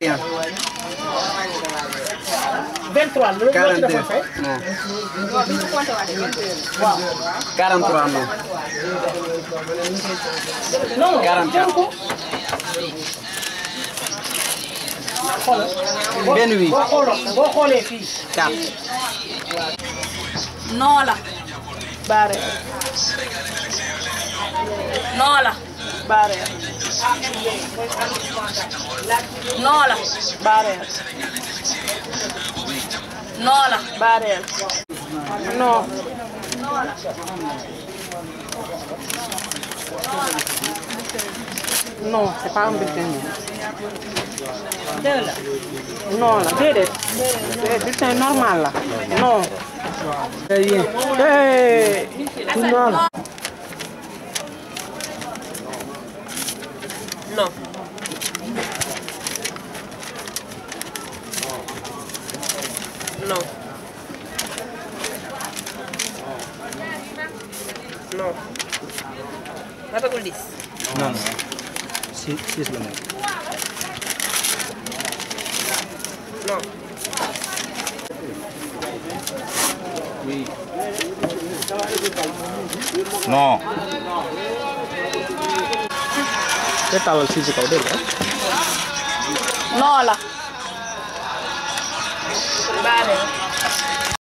23 loolu loo ci defoon fay. waaw. la, Nola. No Nola. Varias. No. No. No, no no No no No, la. no, normal No. Hey, No 나. No. No. Have a good list. No, no. She, she's the one. No. No. te tàllal fii ci kaw dégg nga. non la.